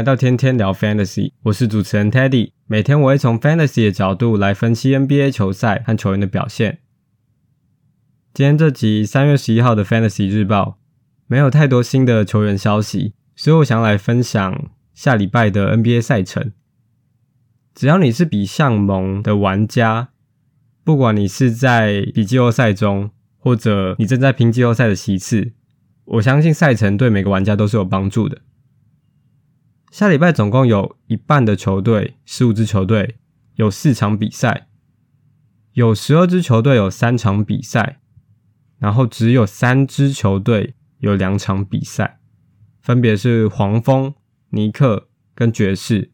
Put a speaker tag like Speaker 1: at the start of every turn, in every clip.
Speaker 1: 來到天天聊 Fantasy，我是主持人 Teddy。每天我會從 Fantasy 的角度來分析 NBA 球賽和球員的表現。今天這集三月十一號的 Fantasy 日報沒有太多新的球員消息，所以我想來分享下禮拜的 NBA 賽程。只要你是比上盟的玩家，不管你是在比季後賽中，或者你正在拼季後賽的席次，我相信賽程對每個玩家都是有幫助的。下禮拜總共有一半的球隊，十五支球隊有四場比賽，有十二支球隊有三場比賽，然後只有三支球隊有兩場比賽，分別是黃蜂、尼克跟爵士。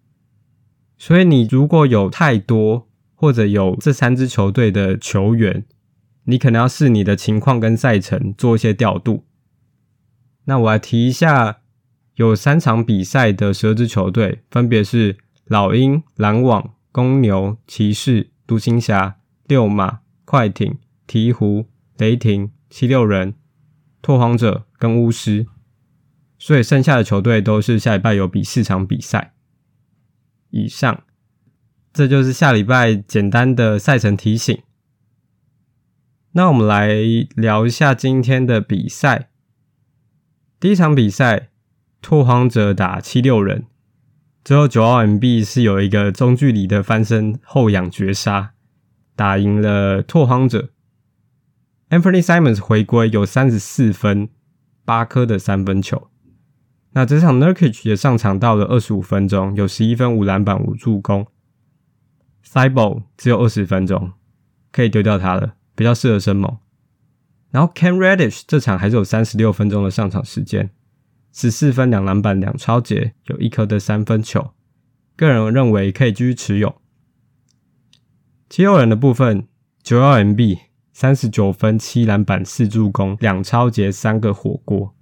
Speaker 1: 所以你如果有太多，或者有這三支球隊的球員，你可能要視你的情況跟賽程做一些調度。那我來提一下。有三場比賽的十二支球隊，分別是老鷹、籃網、公牛、騎士、獨行俠、六馬、快艇、鹈鶘、雷霆、七六人、拓荒者跟巫師。所以剩下的球隊都是下禮拜有比四場比賽。以上，這就是下禮拜簡單的賽程提醒。那我們來聊一下今天的比賽。第一場比賽。拓荒者打七六人，之後 Embiid 是有一個中距離的翻身後仰絕殺，打贏了拓荒者。Anthony Simons 回歸有三十四分八顆的三分球。那這場 Nurkic 也上場到了二十五分鐘，有十一分五籃板五助攻。Thybulle 只有二十分鐘，可以丟掉他了，比較適合生猛。然後 Cam Reddish 這場還是有三十六分鐘的上場時間。十四分兩籃板兩抄截，有一顆的三分球。個人認為可以繼續持有。七六人的部分，九一 M B 三十九分七籃板四助攻兩抄截三個火鍋。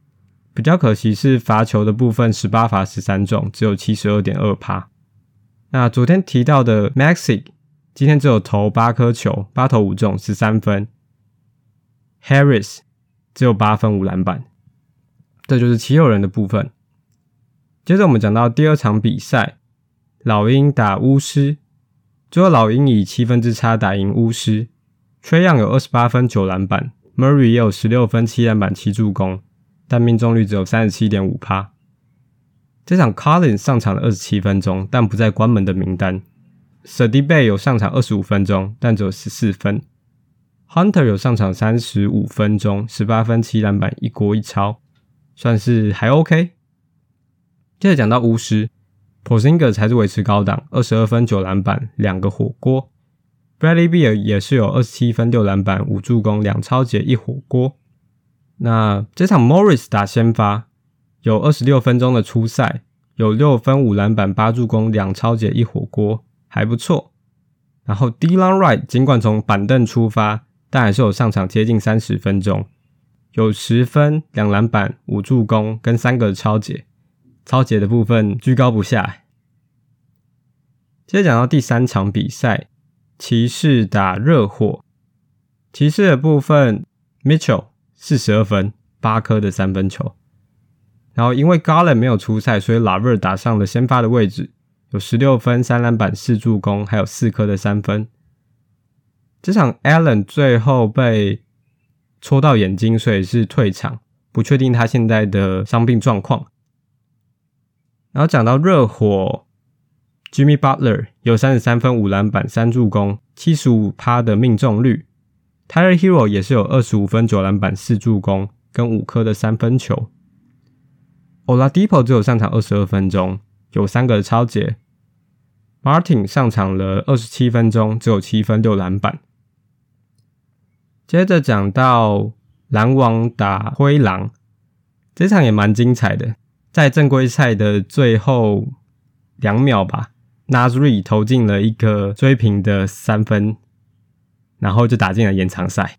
Speaker 1: 比較可惜是罰球的部分，十八罰十三中，只有七十二點二趴。那昨天提到的 Maxey 今天只有投八顆球，八投五中十三分。Harris 只有八分五籃板。這就是其誘人的部分。接着我們講到第二場比賽，老鷹打巫師，最後老鷹以七分之差打贏巫師。Trae Young 有二十八分九籃板，Murray 也有十六分七籃板七助攻，但命中率只有三十七點五趴。這場 Collins 上場了二十七分鐘，但不在關門的名單。Saddiq Bey 有上場二十五分鐘，但只有十四分。Hunter 有上場三十五分鐘，十八分七籃板一鍋一抄。算是還 OK 接。接着講到巫師，Porzingis 才是維持高檔，二十二分九籃板兩個火鍋。Bradley Beal 也是有二十七分六籃板五助攻兩抄截一火鍋。那這場 Morris 打先發，有二十六分鐘的出賽，有六分五籃板八助攻兩抄截一火鍋，還不錯。然後 Delon Wright 儘管從板凳出發，但還是有上場接近三十分鐘。有十分兩籃板五助攻跟三個抄截。抄截的部分居高不下。接着講到第三場比賽，騎士打熱火，騎士的部分，Mitchell 四十二分八顆的三分球，然後因為 Garland 沒有出賽，所以 LeVert 打上了先發的位置，有十六分三籃板四助攻還有四顆的三分。這場 Allen 最後被戳到眼睛，所以是退場，不確定他現在的傷病狀況。然後講到熱火，Jimmy Butler 有三十三分、五籃板、三助攻、七十五趴的命中率；Tyler Herro 也是有二十五分、9籃板、四助攻跟五顆的三分球；Oladipo 只有上場二十二分鐘，有三個的抄截；Martin 上場了二十七分鐘，只有七分六籃板。接着講到籃網打灰狼，這場也蠻精彩的，在正規賽的最後兩秒吧，Nazri 投進了一個追平的三分，然後就打進了延長賽。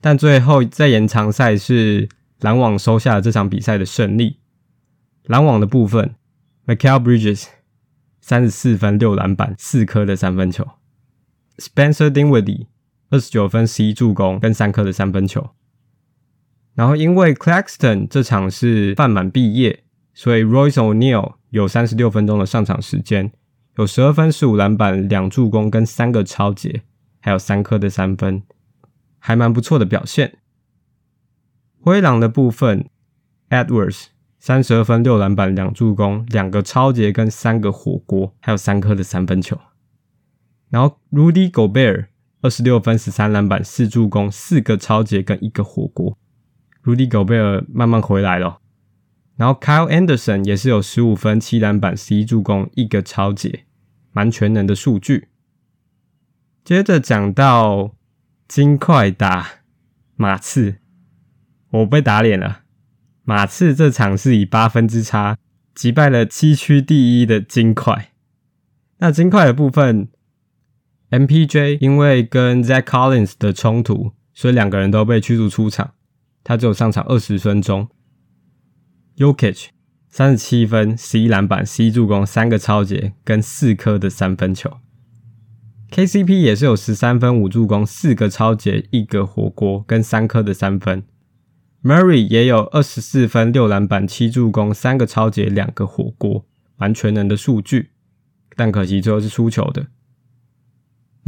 Speaker 1: 但最後在延長賽是籃網收下了這場比賽的勝利。籃網的部分，Mikal Bridges 三十四分、六籃板、四顆的三分球，Spencer Dinwiddie 二十九分、十一助攻跟三顆的三分球。然後，因為 Claxton 這場是犯滿畢業，所以 Royce O'Neill 有三十六分鐘的上場時間，有十二分、十五籃板、兩助攻跟三個抄截，還有三顆的三分，還蠻不錯的表現。灰狼的部分，Edwards 三十二分、六籃板、兩助攻、兩個抄截跟三個火鍋，還有三顆的三分球。然後，Rudy Gobert。二十六分、十三籃板、四助攻、四個抄截跟一個火鍋，Rudy Gobert 慢慢回來了。然後 Kyle Anderson 也是有十五分、七籃板、十一助攻、一個抄截，蠻全能的數據。接着講到金塊打馬刺，我被打臉了。馬刺這場是以八分之差擊敗了西區第一的金塊。那金塊的部分。MPJ 因為跟 Zach Collins 的衝突，所以兩個人都被驅逐出場。他只有上場二十分鐘。Jokic 三十七分、十一籃板、十一助攻、三個抄截跟四顆的三分球。KCP 也是有十三分、五助攻、四個抄截、一個火鍋跟三顆的三分。Murray 也有二十四分、六籃板、七助攻、三個抄截、兩個火鍋，蠻全能的數據，但可惜最後是輸球的。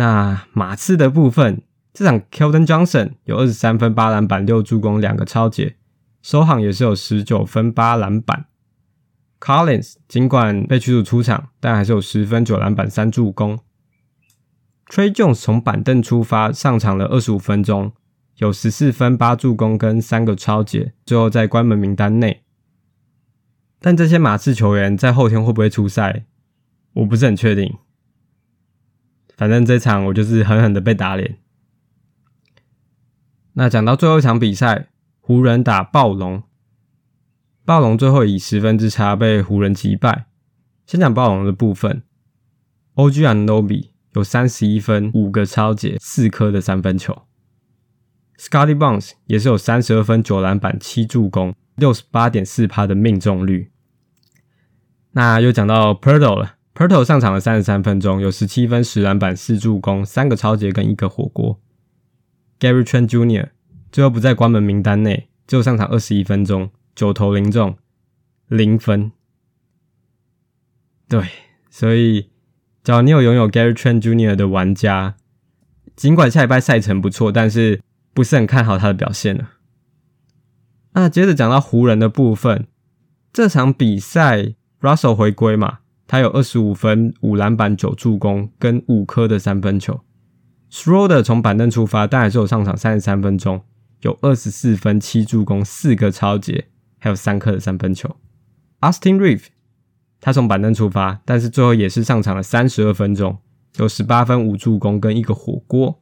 Speaker 1: 那馬刺的部分，這場 Keldon Johnson 有二十三分、八籃板、六助攻、兩個抄截，Sochan 也是有十九分、八籃板。Collins 儘管被驅逐出場，但還是有十分、九籃板、三助攻。Tre Jones 從板凳出發上場了二十五分鐘，有十四分、八助攻跟三個抄截，最後在關門名單內。但這些馬刺球員在後天會不會出賽，我不是很確定。反正這場我就是狠狠的被打臉。那講到最後一場比賽，湖人打暴龍，暴龍最後以十分之差被湖人擊敗。先講暴龍的部分，OG Anunoby 有三十一分、五個抄截、四顆的三分球，Scottie Barnes 也是有三十二分、九籃板、七助攻、六十八點四趴的命中率。那又講到 Poeltl 了。Hurtle 上場了三十三分鐘，有十七分、十籃板、四助攻、三個抄截跟一個火鍋。Gary Trent Jr. 最後不在關門名單內，最後上場二十一分鐘，九投零中，零分。對，所以，只要你有擁有 Gary Trent Jr. 的玩家，儘管下禮拜賽程不錯，但是不是很看好他的表現了、啊。那、啊、接着講到湖人的部分，這場比賽 Russell 回歸嘛？他有二十五分、五籃板、九助攻，跟五顆的三分球。Schroeder 從板凳出發，但還是有上場三十三分鐘，有二十四分、七助攻、四個抄截，還有三顆的三分球。Austin Reaves 他從板凳出發，但是最後也是上場了三十二分鐘，有十八分、五助攻跟一個火鍋。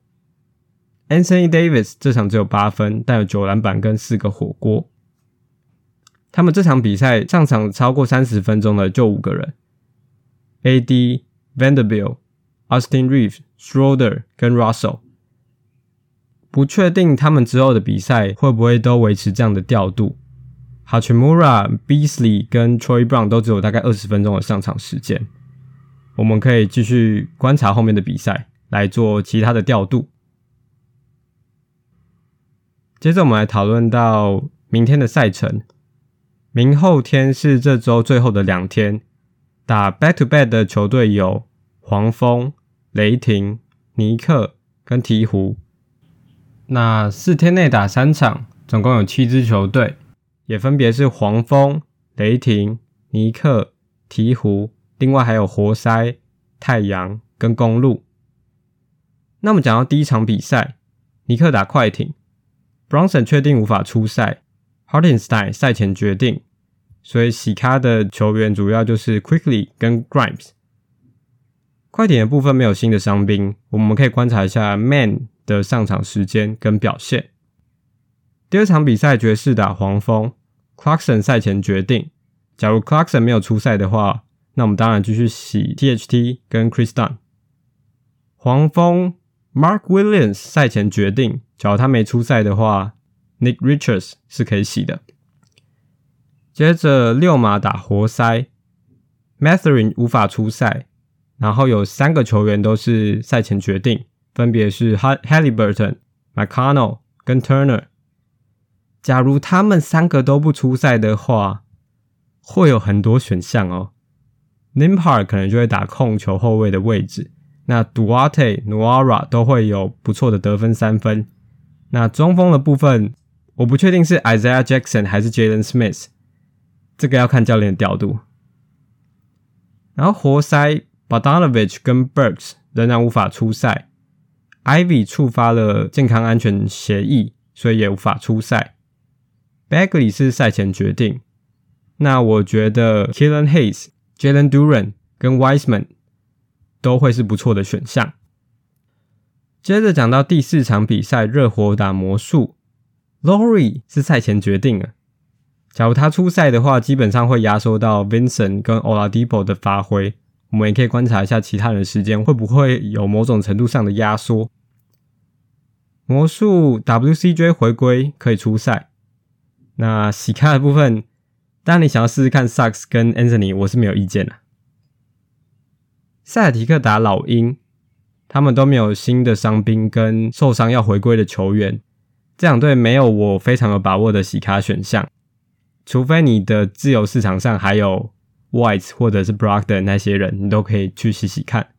Speaker 1: Anthony Davis 這場只有八分，但有九籃板跟四個火鍋。他們這場比賽上場超過三十分鐘的就五個人。AD、Vanderbilt、Austin Reeves、Schroeder 跟 Russell，不確定他們之後的比賽會不會都維持這樣的調度。Hachimura、Beasley 跟 Troy Brown 都只有大概二十分鐘的上場時間。我們可以繼續觀察後面的比賽來做其他的調度。接着我們來討論到明天的賽程。明後天是這周最後的兩天。打 back to back 的球隊有黃蜂、雷霆、尼克跟鵜鶘。那四天內打三場，總共有七支球隊，也分別是黃蜂、雷霆、尼克、鵜鶘，另外還有活塞、太陽跟公鹿。那我們講到第一場比賽，尼克打快艇，Brunson 確定無法出賽，Hartenstein 賽前決定。所以洗咖的球員主要就是 Quickley 跟 Grimes。快艇的部分沒有新的傷兵，我們可以觀察一下 Mann 的上場時間跟表現。第二場比賽，爵士打黃蜂，Clarkson 賽前決定，假如 Clarkson 沒有出賽的話，那我們當然繼續洗 THT 跟 Kris Dunn。黃蜂 Mark Williams 賽前決定，假如他沒出賽的話，Nick Richards 是可以洗的。接着溜馬打活塞，Mathurin 無法出賽，然後有三個球員都是賽前決定，分別是 Halliburton、McConnell 跟 Turner。假如他們三個都不出賽的話，會有很多選項哦。Nembhard 可能就會打控球後衛的位置，那 Duarte、Nwora 都會有不錯的得分三分。那中鋒的部分，我不確定是 Isaiah Jackson 還是 Jalen Smith。這個要看教練的調度。然後，活塞 Bogdanovic 跟 Burks 仍然無法出賽，Ivy 觸發了健康安全協議，所以也無法出賽。Bagley 是賽前決定。那我覺得 Killian Hayes、Jalen Duran 跟 Wiseman 都會是不錯的選項。接着講到第四場比賽，熱火打魔術，Lowry 是賽前決定的。假如他出賽的話，基本上會壓縮到 Vincent 跟 Oladipo 的發揮。我們也可以觀察一下其他人的時間會不會有某種程度上的壓縮。魔術 WCJ 回歸可以出賽。那洗咖的部分，當然你想要試試看 Suggs 跟 Anthony，我是沒有意見的。塞爾提克打老鷹，他們都沒有新的傷兵跟受傷要回歸的球員，這兩隊沒有我非常有把握的洗咖選項。除非你的自由市場上還有 White 或者是 Brogdon 的那些人，你都可以去試試看。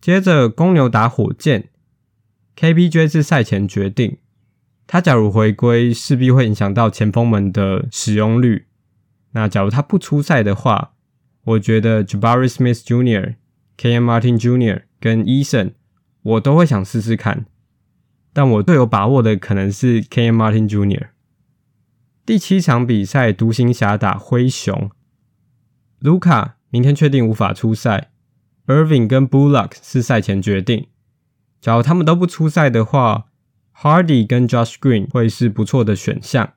Speaker 1: 接着，公牛打火箭，KBJ 是賽前決定。他假如回歸，勢必會影響到前鋒們的使用率。那假如他不出賽的話，我覺得 Jabari Smith Jr.、K M Martin Jr. 跟 Eason，我都會想試試看。但我最有把握的可能是 K M Martin Jr. 第七場比賽，獨行俠打灰熊。盧卡明天確定無法出賽，Irving 跟 Bullock 是賽前決定。假如他們都不出賽的話，Hardy 跟 Josh Green 會是不錯的選項。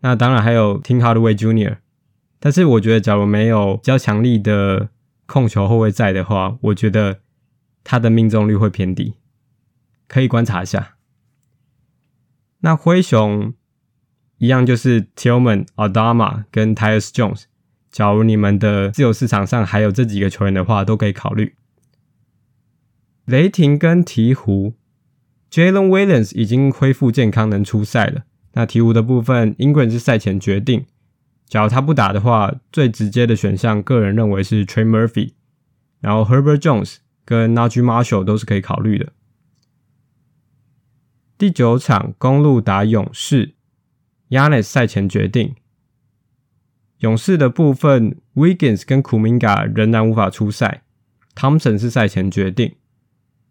Speaker 1: 那當然還有 Tim Hardaway Jr。但是我覺得，假如沒有比較強力的控球後衛在的話，我覺得他的命中率會偏低。可以觀察一下。那灰熊。一樣就是 Tillman、Aldama 跟 Tyus Jones。假如你們的自由市場上還有這幾個球員的話，都可以考慮。雷霆跟鹈鶘，Jalen Williams 已經恢復健康能出賽了。那鹈鶘的部分，Ingram 是賽前決定，假如他不打的話，最直接的選項，個人認為是 Trey Murphy，然後 Herbert Jones 跟 Naji Marshall 都是可以考慮的。第九場，公路打勇士。Giannis 賽前決定，勇士的部分，Wiggins 跟 Kuminga 仍然無法出賽。Thompson 是賽前決定，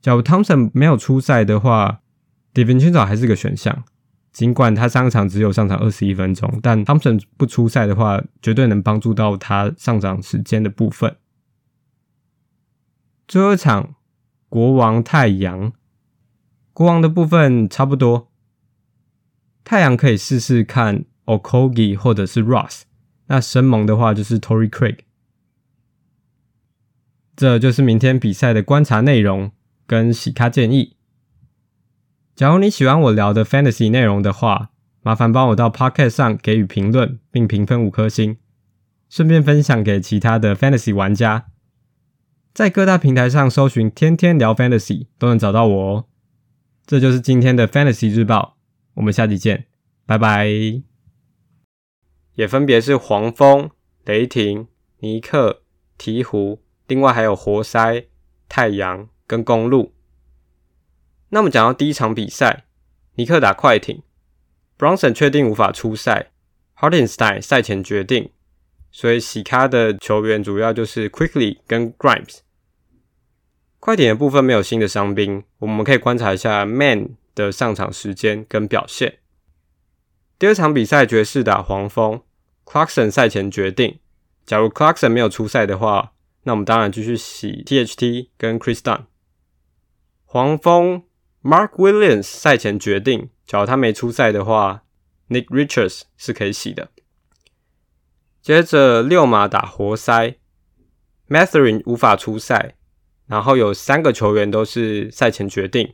Speaker 1: 假如 Thompson 沒有出賽的話，Divincenzo 還是個選項。儘管他上場只有上場二十一分鐘，但 Thompson 不出賽的話，絕對能幫助到他上場時間的部分。最後一場，國王太陽，國王的部分差不多。太陽可以試試看 Okogi 或者是 Ross 那神盟的話就是 Torrey Craig。這就是明天比賽的觀察內容跟喜咖建議。假如你喜歡我聊的 Fantasy 內容的話，麻煩幫我到 Podcast 上給予評論並評分五顆星，順便分享給其他的 Fantasy 玩家。在各大平台上搜尋“天天聊 Fantasy” 都能找到我哦。這就是今天的 Fantasy 日報。我們下期見，拜拜。也分別是黃蜂、雷霆、尼克、鵜鶘，另外還有活塞、太陽跟公路。那麼講到第一場比賽，尼克打快艇，Brunson 確定無法出賽，Hartenstein 賽前決定，所以喜咖的球員主要就是 Quickley 跟 Grimes。快艇的部分沒有新的傷兵，我們可以觀察一下 Man。的上場時間跟表現。第二場比賽，爵士打黃蜂，Clarkson 賽前決定，假如 Clarkson 沒有出賽的話，那我們當然繼續洗 THT 跟 Chris Dunn。黃蜂 Mark Williams 賽前決定，假如他沒出賽的話，Nick Richards 是可以洗的。接着溜馬打活塞，Mathurin 無法出賽，然後有三個球員都是賽前決定。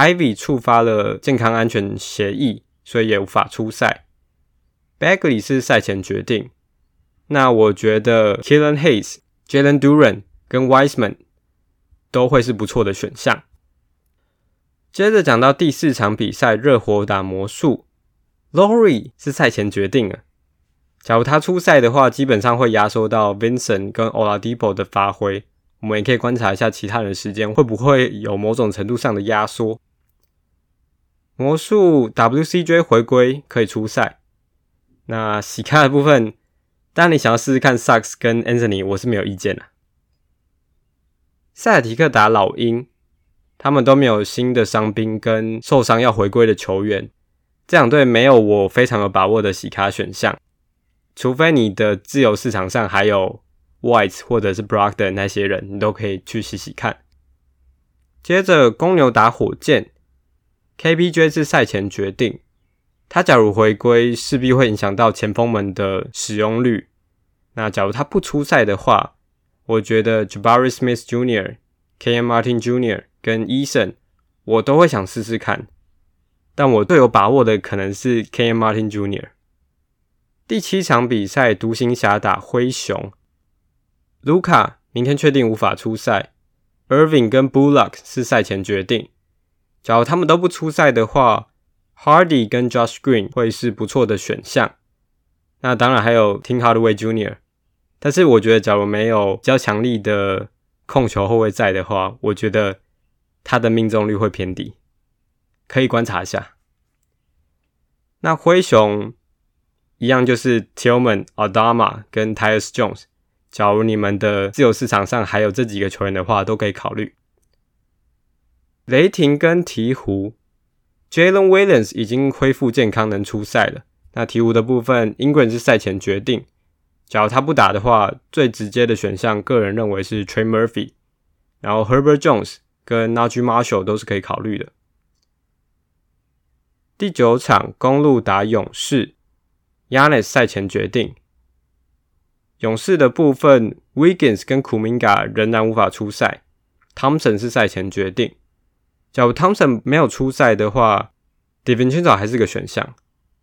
Speaker 1: Ivy 觸發了健康安全協議，所以也無法出賽。Bagley 是賽前決定。那我覺得 Killian Hayes、Jalen Duren 跟 Wiseman 都會是不錯的選項。接着講到第四場比賽，熱火打魔術，Lowry 是賽前決定了。假如他出賽的話，基本上會壓縮到 Vincent 跟 Oladipo 的發揮。我們也可以觀察一下其他人時間會不會有某種程度上的壓縮。魔術 WCJ 回歸，可以出賽。那洗卡的部分，當你想要試試看 Suggs 跟 Anthony，我是沒有意見的。塞爾提克打老鷹，他們都沒有新的傷兵跟受傷要回歸的球員，這兩隊沒有我非常有把握的洗卡選項。除非你的自由市場上還有 White 或者是 Brogdon 那些人，你都可以去洗洗看。接着，公牛打火箭。KBJ 是賽前決定，他假如回歸勢必會影響到前鋒們的使用率。那假如他不出賽的話，我覺得 Jabari Smith Jr、K M Martin Jr 跟 Eason 我都會想試試看。但我最有把握的可能是 K M Martin Jr。第七場比賽獨行俠打灰熊，盧卡明天確定無法出賽，Irving 跟 Bullock 是賽前決定。假如他們都不出賽的話，Hardy 跟 Josh Green 會是不錯的選項。那當然還有 Tim Hardaway Jr.，但是我覺得假如沒有比較強力的控球後衛在的話，我覺得他的命中率會偏低，可以觀察一下。那灰熊一樣就是 Tillman、Adama 跟 Tyus Jones。假如你們的自由市場上還有這幾個球員的話，都可以考慮。雷霆跟鵜鶘，Jalen Williams 已經恢復健康，能出賽了。那鵜鶘的部分，Ingram 是賽前決定，假如他不打的話，最直接的選項，個人認為是 Trey Murphy，然後 Herbert Jones 跟 Naji Marshall 都是可以考慮的。第九場公路打勇士，Yannis 賽前決定，勇士的部分，Wiggins 跟 Kuminga 仍然無法出賽，Thompson 是賽前決定。Thompson 沒有出賽的話，Devincenzo 還是個選項。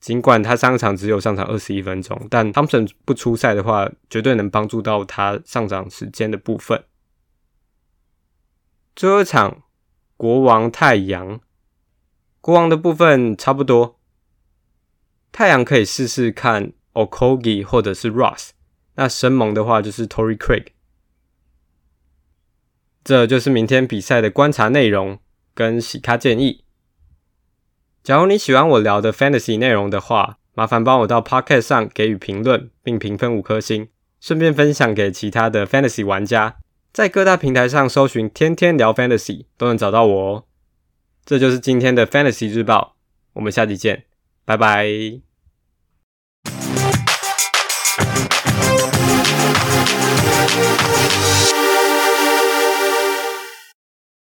Speaker 1: 儘管他上場只有上場二十一分鐘，但 Thompson 不出賽的話，絕對能幫助到他上場時間的部分。最後一場，國王太陽，國王的部分差不多，太陽可以試試看 Okogie 或者是 Ross。那神盟的話就是 Tory Craig。這就是明天比賽的觀察內容。跟喜咖建議。假如你喜歡我聊的 fantasy 內容的話，麻煩幫我到 Podcast 上給予評論，並評分五顆星，順便分享給其他的 fantasy 玩家。在各大平台上搜尋“天天聊 fantasy” 都能找到我哦。這就是今天的 fantasy 日報，我們下期見，拜拜。